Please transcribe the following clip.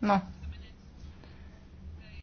No,